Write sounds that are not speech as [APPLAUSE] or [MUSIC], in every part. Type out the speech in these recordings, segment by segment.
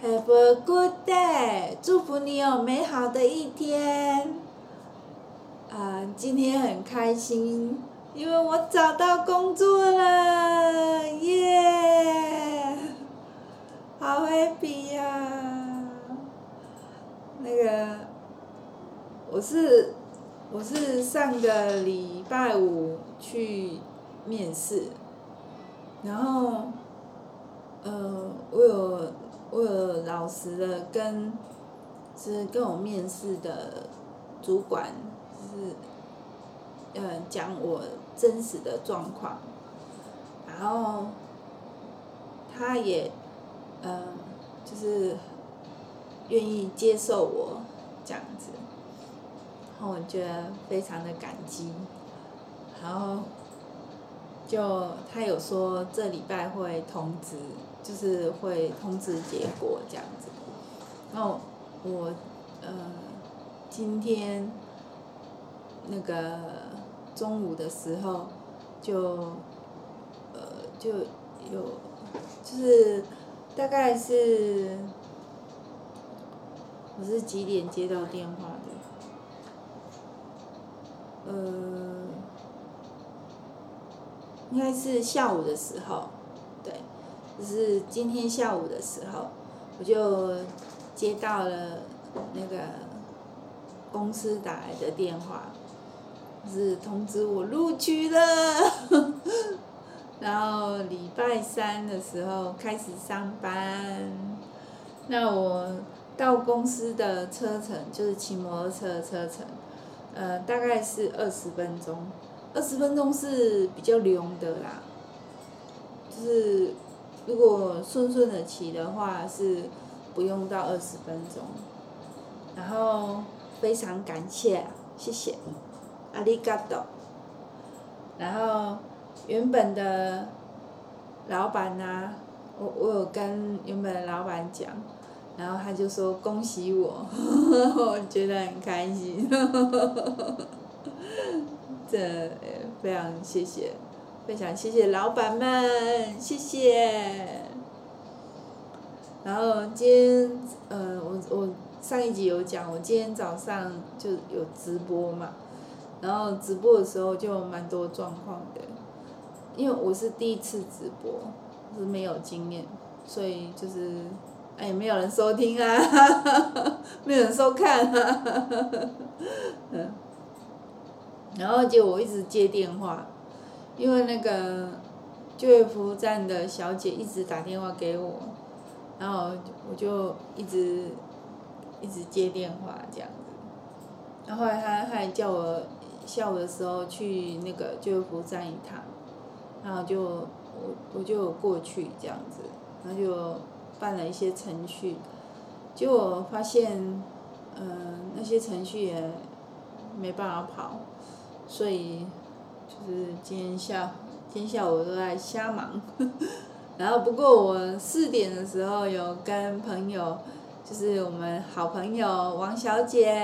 Have a good day！祝福你有美好的一天。啊，今天很開心，因為我找到工作了，耶！好 happy 呀。那個，我是我是上個禮拜五去面試，然後，呃，我有。我有老實的跟，是跟我面試的主管、就，是，嗯、呃，講我真實的狀況，然後他也，嗯、呃，就是願意接受我這樣子，然後我覺得非常的感激，然後。就他有說這禮拜會通知，就是會通知結果這樣子。然後我，我呃今天那個中午的時候就呃就有就是大概是我是幾點接到電話的？呃。應該是下午的時候，對，就是今天下午的時候，我就接到了那個公司打來的電話，是通知我錄取了。 [LAUGHS] 然後禮拜三的時候開始上班，那我到公司的車程就是騎摩托車車程，呃，大概是二十分鐘。二十分鐘是比較 long 的啦，就是如果順順的騎的話是不用到二十分鐘，然後非常感謝，謝謝，阿里嘎多，然後原本的老闆呢、啊，我我有跟原本的老闆講，然後他就說恭喜我， [LAUGHS] 我覺得很開心。 [LAUGHS] 這非常謝謝，非常謝謝老闆們，謝謝。然後今天，呃，我我上一集有講，我今天早上就有直播嘛，然後直播的時候就蠻多狀況的，因為我是第一次直播，是沒有經驗，所以就是，哎，沒有人收聽啊，哈哈，沒有人收看啊，哈哈，嗯。然後就我一直接電話，因為那個就業服務站的小姐一直打電話給我，然後我就一直一直接電話這樣子。然後來他他還叫我下午的時候去那個就業服務站一趟，然後就我我就過去這樣子，然後就辦了一些程序，結果我發現，嗯、呃，那些程序也沒辦法跑。所以，就是今天下今天下午都在瞎忙呵呵，然後不過我四點的時候有跟朋友，就是我們好朋友王小姐，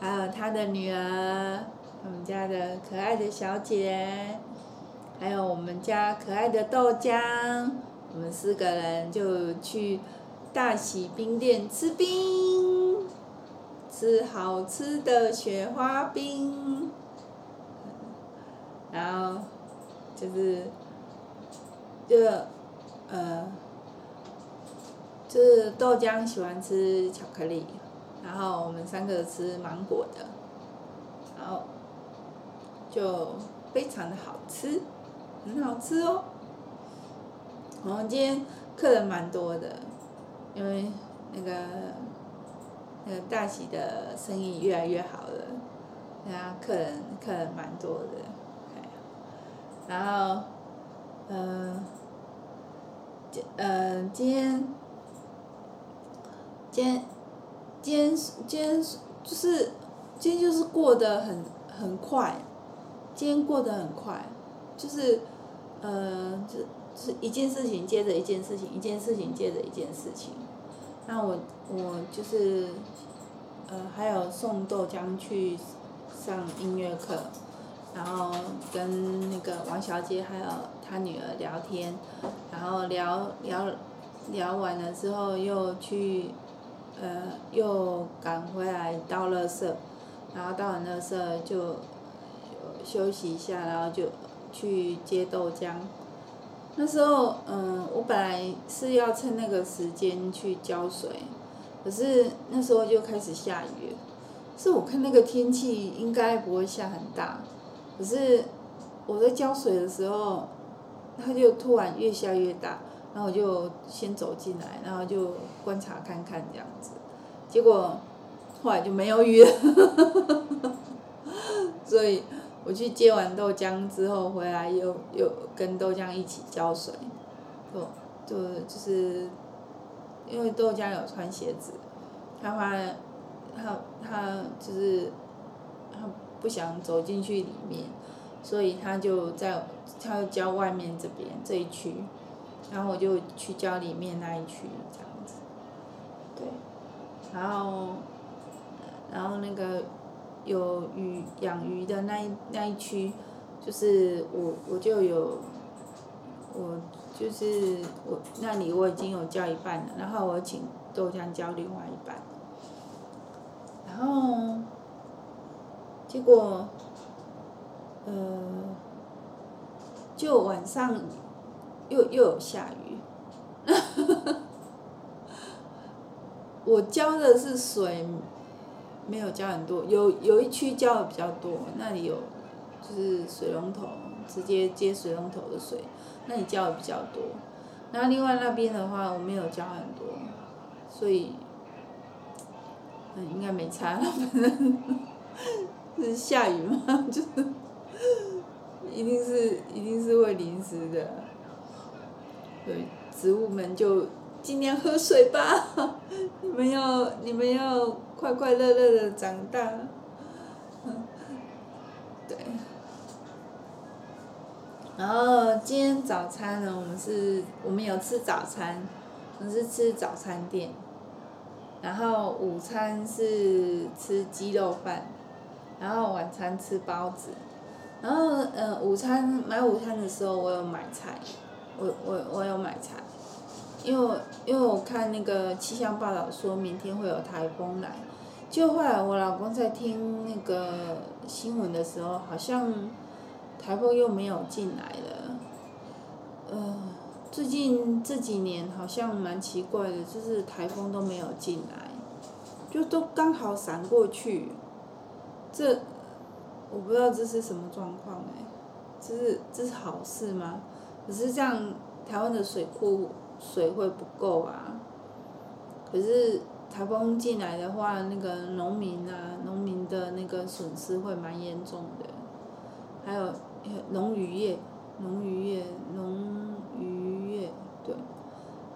還有她的女兒，他們家的可愛的小姐，還有我們家可愛的豆漿，我們四個人就去大喜冰店吃冰，吃好吃的雪花冰。然後就是就呃就是豆漿喜歡吃巧克力，然後我們三個吃芒果的，然後就非常的好吃，很好吃哦。然後今天客人蠻多的，因為那個那個大喜的生意越來越好了，然後客人客人蠻多的。然後，嗯、呃，今嗯、呃、今天，今天，今天今天就是今天就是過得很很快，今天過得很快，就是，呃，就就是一件事情接着一件事情，一件事情接着一件事情。那我我就是，呃，還有送豆漿去上音樂課。然後跟那個王小姐還有她女兒聊天，然後聊聊聊完了之後又去，呃，又趕回來倒垃圾，然後倒完垃圾就休息一下，然後就去接豆漿。那時候，嗯、呃，我本來是要趁那個時間去澆水，可是那時候就開始下雨，是我看那個天氣應該不會下很大。可是我在澆水的時候，它就突然越下越大，然後我就先走進來，然後就觀察看看這樣子，結果後來就沒有雨了， [LAUGHS] 所以我去接完豆漿之後回來又又跟豆漿一起澆水，就就就是因為豆漿有穿鞋子，它它它它就是。不想走進去裡面，所以他就在，他要澆外面這邊這一區，然後我就去澆裡面那一區這樣子，對，然後，然後那個有魚養魚的那一那一區，就是我我就有，我就是我那裡我已經有澆一半了，然後我請豆漿澆另外一半，然後。結果，呃，就晚上又又有下雨， [LAUGHS] 我澆的是水，沒有澆很多，有有一區澆的比較多，那裡有就是水龍頭，直接接水龍頭的水，那裡澆的比較多，然後另外那邊的話我沒有澆很多，所以，嗯，應該沒差了， [LAUGHS] 是下雨嗎？就是，一定是，一定是會淋濕的。對，植物們就今天喝水吧，你們要，你們要快快樂樂的長大。對。然後今天早餐呢，我們是，我們有吃早餐，我們是吃早餐店，然後午餐是吃雞肉飯。然後晚餐吃包子，然後呃，午餐買午餐的時候我有買菜，我我我有買菜，因為因為我看那個氣象報道說明天會有台風來，就後來我老公在聽那個新聞的時候，好像台風又沒有進來了，呃，最近這幾年好像蠻奇怪的，就是台風都沒有進來，就都剛好閃過去。這我不知道這是什麼狀況哎，這是這是好事嗎？可是這樣，台灣的水庫水會不夠啊。可是台風進來的話，那個農民啊，農民的那個損失會蠻嚴重的。還有農漁業，農漁業，農漁業，對，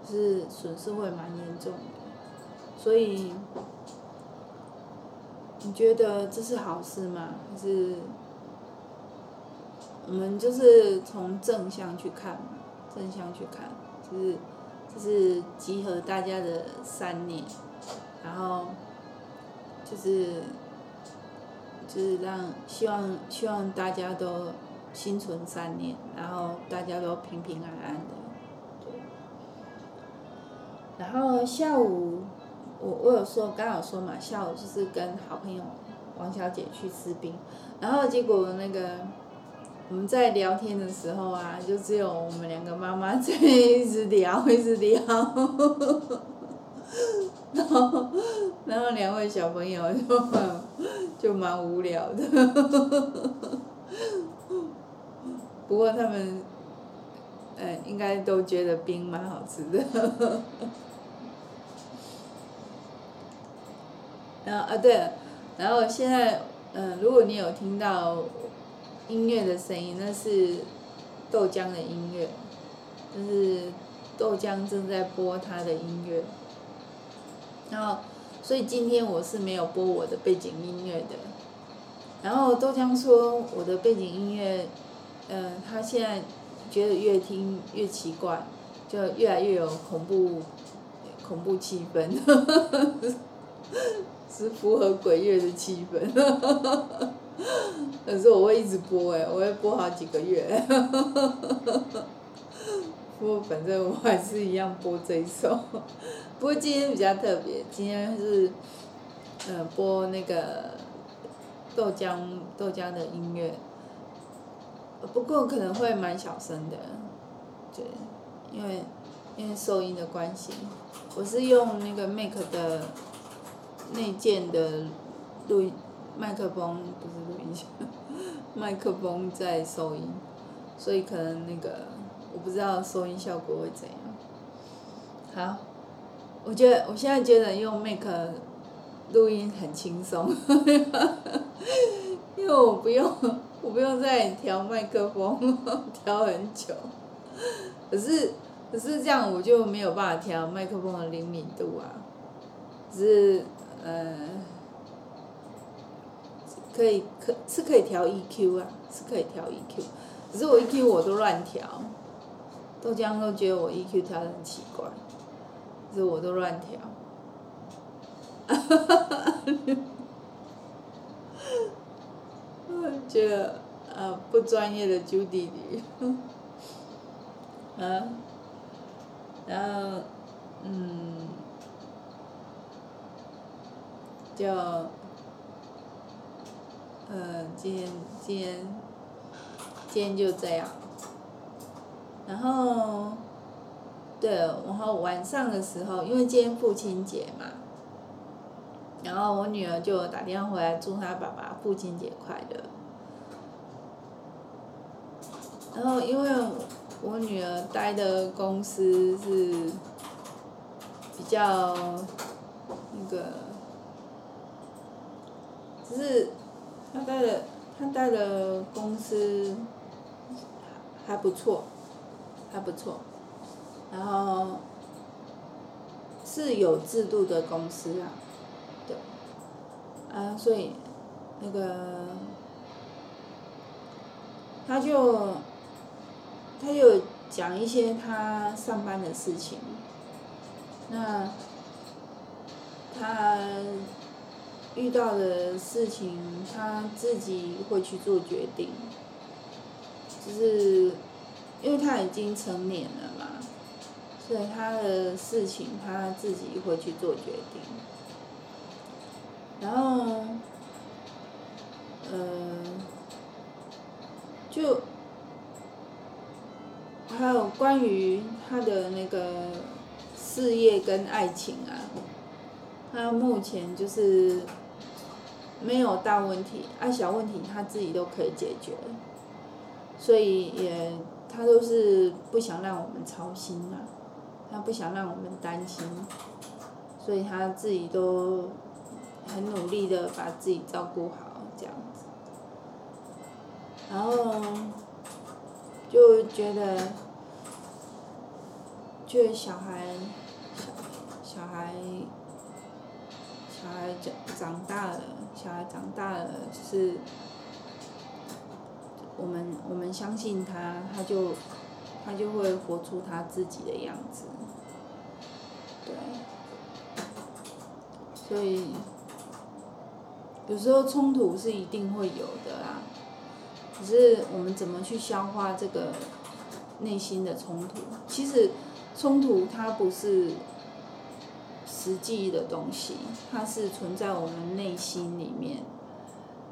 就是損失會蠻嚴重的，所以。你覺得這是好事嗎？還、就是我們就是從正向去看嘛，正向去看，就是就是集合大家的善念，然後就是就是讓希望希望大家都心存善念，然後大家都平平安安的，對。然後下午。我我有說，剛好說嘛，下午就是跟好朋友王小姐去吃冰，然後結果那個我們在聊天的時候啊，就只有我們兩個媽媽在一直聊一直聊，直聊 [LAUGHS] 然後然後兩位小朋友就就蠻無聊的， [LAUGHS] 不過他們呃、欸、應該都覺得冰蠻好吃的。 [LAUGHS] 然後啊對，然後現在嗯、呃，如果你有聽到音樂的聲音，那是豆漿的音樂，就是豆漿正在播他的音樂。然後，所以今天我是沒有播我的背景音樂的。然後豆漿說我的背景音樂，嗯、呃，他現在覺得越聽越奇怪，就越來越有恐怖恐怖氣氛。呵呵。是符合鬼月的氣氛，可是我會一直播哎、欸，我會播好幾個月、欸，呵呵，不過反正我還是一樣播這一首。不過今天比較特別，今天是呃播那個豆漿豆漿的音樂。不過可能會蠻小聲的，對，因為因為收音的關係，我是用那個 Make 的。內建的錄音麥克風不是錄音，麥克風在收音，所以可能那個我不知道收音效果會怎樣。好，我覺得我現在覺得用麥克錄音很輕鬆， [LAUGHS] 因為我不用我不用再調麥克風調很久，可是可是這樣我就沒有辦法調麥克風的靈敏度啊，只是。嗯、呃，可以，可是可以調 EQ 啊，是可以調 EQ，可是我 EQ 我都亂調，豆漿都覺得我 EQ 調的很奇怪，可是我都亂調，哈 [LAUGHS] 覺得啊、呃、不專業的 Judy，嗯然後，嗯。就，呃、嗯，今天今天今天就這樣，然後，對，然後晚上的時候，因為今天父親節嘛，然後我女兒就打電話回來祝她爸爸父親節快樂，然後因為我女兒待的公司是比較那個。只是他待的他待的公司還不錯，還不錯，然後是有制度的公司啊，對，啊，所以那個他就他就講一些他上班的事情，那他。遇到的事情，他自己會去做決定，就是因為他已經成年了嘛，所以他的事情他自己會去做決定。然後，呃，就還有關於他的那個事業跟愛情啊，他目前就是。沒有大問題，啊，小問題他自己都可以解決，所以也他都是不想讓我們操心啊，他不想讓我們擔心，所以他自己都很努力的把自己照顧好這樣子。然後就覺得，覺得小孩，小，小孩。他長長大了，小孩長大了，就是，我們我們相信他，他就他就會活出他自己的樣子，對，所以有時候衝突是一定會有的啊，只是我們怎麼去消化這個內心的衝突？其實衝突它不是。實際的東西，它是存在我們內心裡面，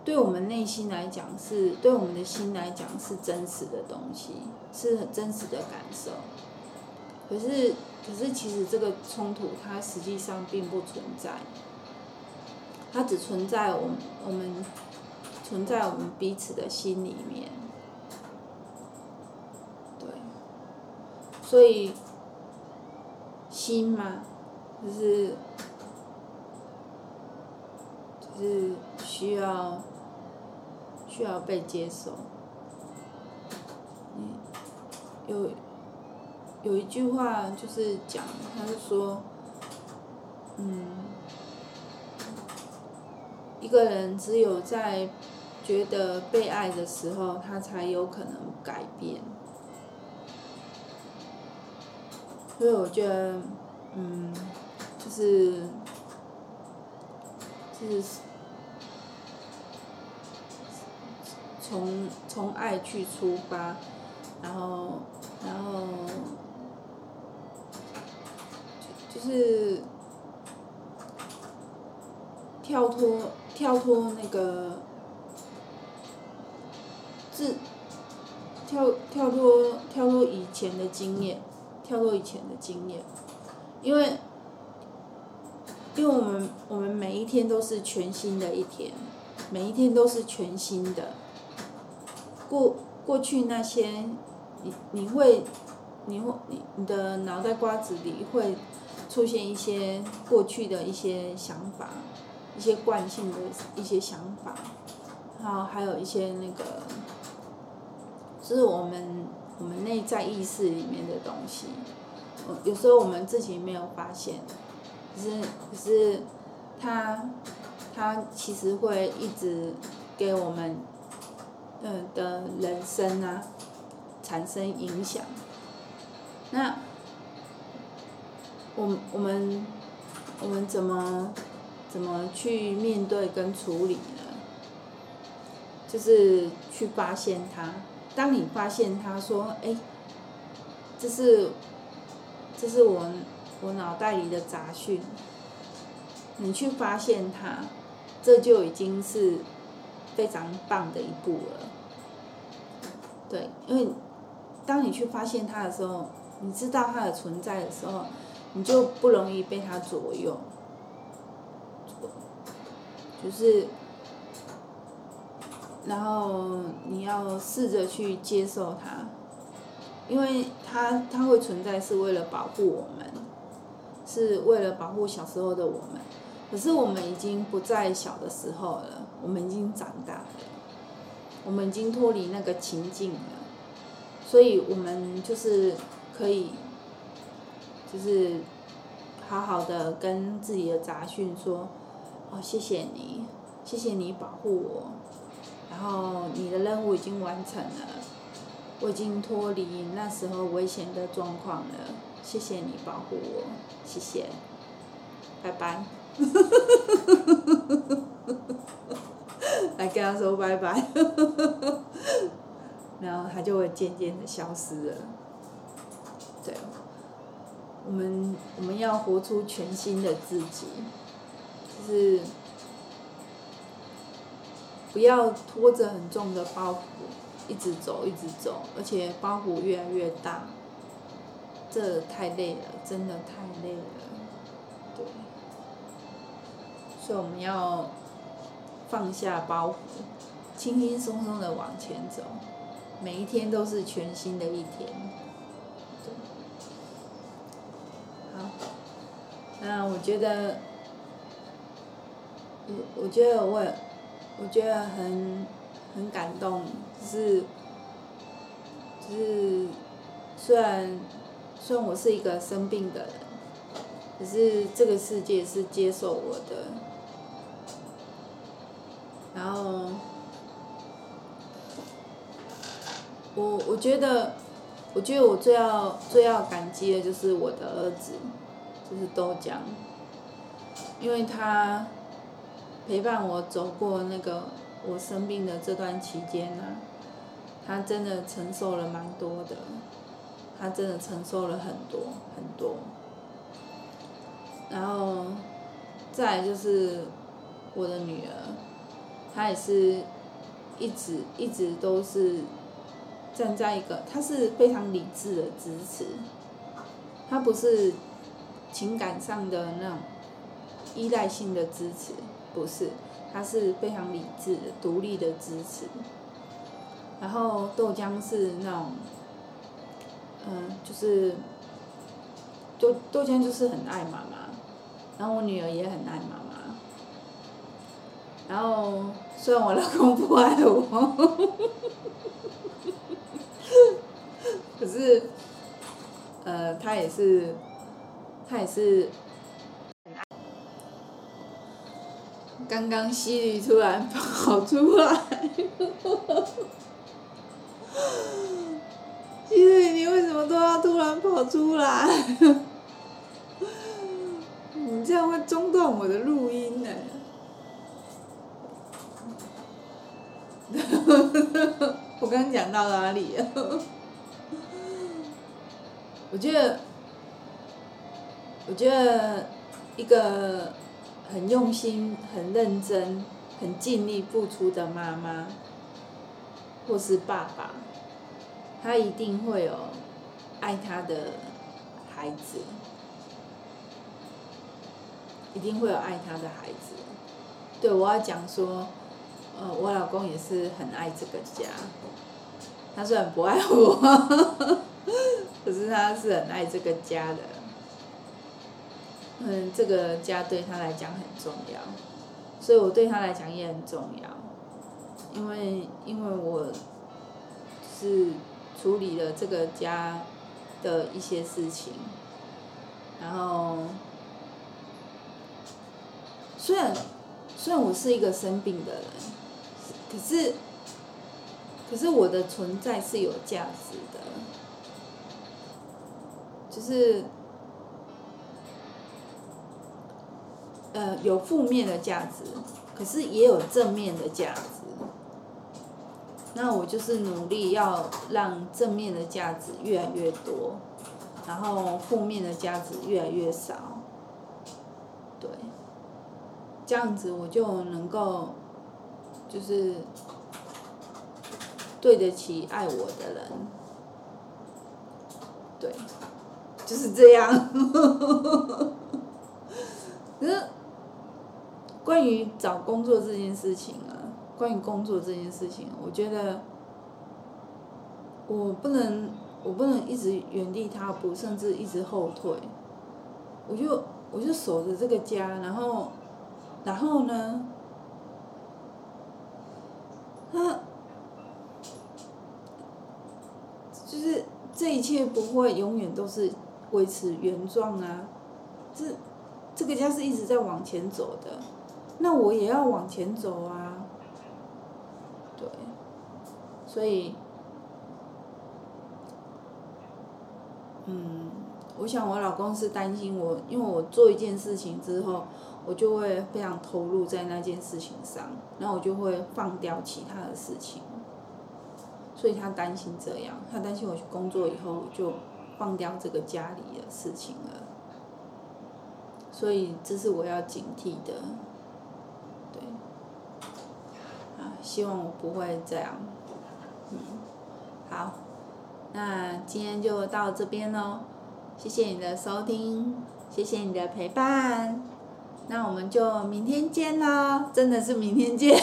對我們內心來講是、是對我們的心來講是真實的東西，是很真實的感受。可是，可是其實這個衝突它實際上並不存在，它只存在我們我們存在我們彼此的心裡面，對，所以心嘛。就是，就是需要需要被接受，嗯。有有一句話就是講，他是說，嗯，一個人只有在覺得被愛的時候，他才有可能改變。所以我覺得，嗯。就是，就是，從從愛去出發，然後，然後，就是跳脫跳脫那個自跳跳脫跳脫以前的經驗，跳脫以前的經驗，因為。因為我們我們每一天都是全新的一天，每一天都是全新的。過過去那些，你你會，你會你你的腦袋瓜子裡會出現一些過去的一些想法，一些慣性的一些想法，然後還有一些那個，就是我們我們內在意識裡面的東西，有時候我們自己沒有發現。只是只是，可是他他其實會一直給我們，嗯、呃、的人生啊產生影響。那我我們我們怎麼怎麼去面對跟處理呢？就是去發現它。當你發現它，說，誒、欸，這是這是我。我腦袋裡的雜訊，你去發現它，這就已經是非常棒的一步了。對，因為當你去發現它的時候，你知道它的存在的時候，你就不容易被它左右。就是，然後你要試着去接受它，因為它它會存在是為了保護我們。是為了保護小時候的我們，可是我們已經不在小的時候了，我們已經長大了，我們已經脫離那個情境了，所以我們就是可以，就是好好的跟自己的雜訊說，哦，謝謝你，謝謝你保護我，然後你的任務已經完成了，我已經脫離那時候危險的狀況了。謝謝你保護我，謝謝，拜拜。來 [LAUGHS] 跟他說拜拜， [LAUGHS] 然後他就會漸漸的消失了。對，我們我們要活出全新的自己，就是不要拖着很重的包袱，一直走，一直走，而且包袱越來越大。這太累了，真的太累了，對。所以我們要放下包袱，輕輕鬆鬆的往前走，每一天都是全新的一天。對。好，那我覺得，我我覺得我我覺得很很感動，就是就是雖然。雖然我是一個生病的人，可是這個世界是接受我的。然後，我我覺得，我覺得我最要最要感激的就是我的兒子，就是豆漿，因為他陪伴我走過那個我生病的這段期間呢、啊，他真的承受了蠻多的。他真的承受了很多很多，然後再來就是我的女兒，她也是，一直一直都是站在一個，她是非常理智的支持，她不是情感上的那種依賴性的支持，不是，她是非常理智的，獨立的支持，然後豆漿是那種。嗯，就是，豆豆今天就是很愛媽媽，然後我女兒也很愛媽媽，然後雖然我老公不愛我呵呵，可是，呃，他也是，他也是，剛剛吸力突然跑出來。呵呵怎麼都要突然跑出來？ [LAUGHS] 你這樣會中斷我的錄音呢、欸。 [LAUGHS] 我剛講到哪裡了？ [LAUGHS] 我覺得，我覺得一個很用心、很認真、很盡力付出的媽媽，或是爸爸，他一定會哦。愛他的孩子，一定會有愛他的孩子。對我要講說，呃，我老公也是很愛這個家，他雖然不愛我，呵呵，可是他是很愛這個家的。嗯、呃，這個家對他來講很重要，所以我對他來講也很重要，因為因為我是處理了這個家的一些事情，然後雖然雖然我是一個生病的人，可是，可是我的存在是有價值的，就是呃有負面的價值，可是也有正面的價值。那我就是努力要讓正面的價值越來越多，然後負面的價值越來越少，對，這樣子我就能夠，就是對得起愛我的人，對，就是這樣。 [LAUGHS] 可是關於找工作這件事情。關於工作這件事情，我覺得我不能，我不能一直原地踏步，甚至一直後退。我就我就守着這個家，然後，然後呢？他就是這一切不會永遠都是維持原狀啊。這這個家是一直在往前走的，那我也要往前走啊。對，所以，嗯，我想我老公是擔心我，因為我做一件事情之後，我就會非常投入在那件事情上，然後我就會放掉其他的事情，所以他擔心這樣，他擔心我去工作以後我就放掉這個家裡的事情了，所以這是我要警惕的。希望我不會這樣。嗯，好，那今天就到這邊嘍。謝謝你的收聽，謝謝你的陪伴。那我們就明天見嘍，真的是明天見。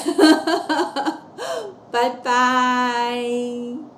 拜 [LAUGHS] 拜。